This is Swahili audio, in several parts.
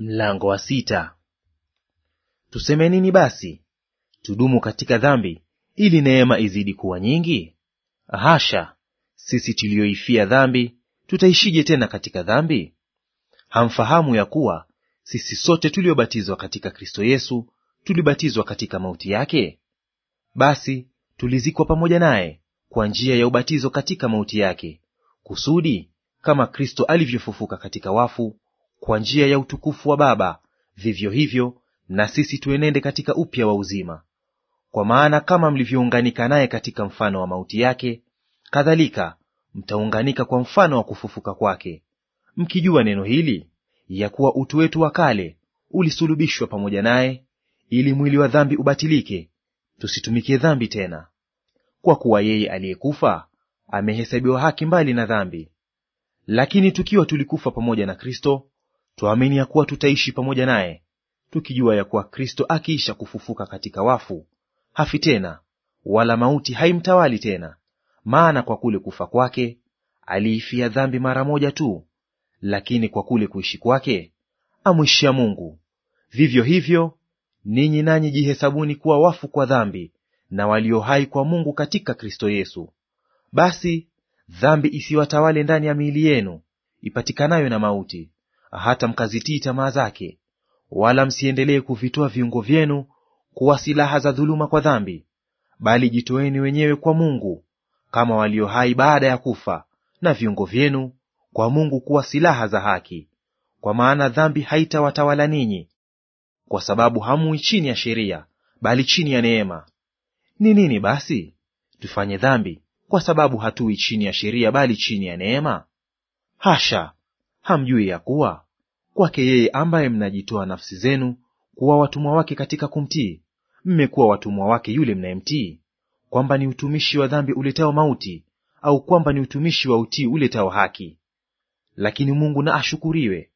Mlango wa sita. Tuseme nini basi? Tudumu katika dhambi ili neema izidi kuwa nyingi? Hasha! Sisi tulioifia dhambi tutaishije tena katika dhambi? Hamfahamu ya kuwa sisi sote tuliobatizwa katika Kristo Yesu tulibatizwa katika mauti yake? Basi tulizikwa pamoja naye kwa njia ya ubatizo katika mauti yake, kusudi kama Kristo alivyofufuka katika wafu kwa njia ya utukufu wa Baba, vivyo hivyo na sisi tuenende katika upya wa uzima. Kwa maana kama mlivyounganika naye katika mfano wa mauti yake, kadhalika mtaunganika kwa mfano wa kufufuka kwake, mkijua neno hili, ya kuwa utu wetu wa kale ulisulubishwa pamoja naye, ili mwili wa dhambi ubatilike, tusitumikie dhambi tena. Kwa kuwa yeye aliyekufa amehesabiwa haki mbali na dhambi. Lakini tukiwa tulikufa pamoja na Kristo, twaamini ya kuwa tutaishi pamoja naye, tukijua ya kuwa Kristo akiisha kufufuka katika wafu, hafi tena, wala mauti haimtawali tena. Maana kwa kule kufa kwake aliifia dhambi mara moja tu, lakini kwa kule kuishi kwake amwishia Mungu. Vivyo hivyo ninyi nanyi jihesabuni kuwa wafu kwa dhambi, na walio hai kwa Mungu katika Kristo Yesu. Basi dhambi isiwatawale ndani ya miili yenu ipatikanayo na mauti, hata mkazitii tamaa zake, wala msiendelee kuvitoa viungo vyenu kuwa silaha za dhuluma kwa dhambi, bali jitoeni wenyewe kwa Mungu kama walio hai baada ya kufa, na viungo vyenu kwa Mungu kuwa silaha za haki. Kwa maana dhambi haitawatawala ninyi, kwa sababu hamui chini ya sheria, bali chini ya neema. Ni nini basi? Tufanye dhambi kwa sababu hatui chini ya sheria, bali chini ya neema? Hasha! hamjui ya kuwa kwake yeye ambaye mnajitoa nafsi zenu kuwa watumwa wake katika kumtii, mmekuwa watumwa wake yule mnayemtii, kwamba ni utumishi wa dhambi uletao mauti, au kwamba ni utumishi wa utii uletao haki. Lakini Mungu na ashukuriwe,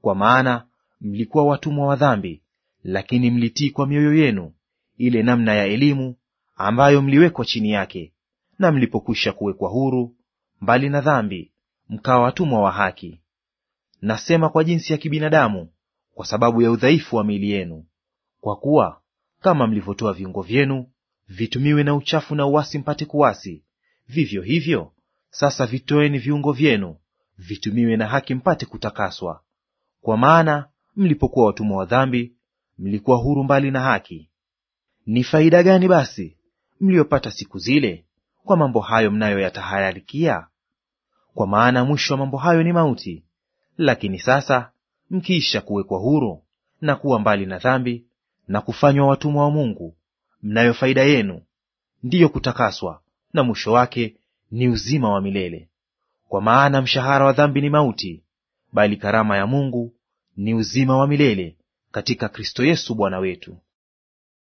kwa maana mlikuwa watumwa wa dhambi, lakini mlitii kwa mioyo yenu ile namna ya elimu ambayo mliwekwa chini yake. Na mlipokwisha kuwekwa huru mbali na dhambi, mkawa watumwa wa haki. Nasema kwa jinsi ya kibinadamu, kwa sababu ya udhaifu wa miili yenu. Kwa kuwa kama mlivyotoa viungo vyenu vitumiwe na uchafu na uasi mpate kuasi, vivyo hivyo sasa vitoeni viungo vyenu vitumiwe na haki mpate kutakaswa. Kwa maana mlipokuwa watumwa wa dhambi, mlikuwa huru mbali na haki. Ni faida gani basi mliyopata siku zile kwa mambo hayo mnayoyatahayarikia? Kwa maana mwisho wa mambo hayo ni mauti. Lakini sasa mkiisha kuwekwa huru na kuwa mbali na dhambi na kufanywa watumwa wa Mungu, mnayo faida yenu ndiyo kutakaswa, na mwisho wake ni uzima wa milele. Kwa maana mshahara wa dhambi ni mauti, bali karama ya Mungu ni uzima wa milele katika Kristo Yesu Bwana wetu.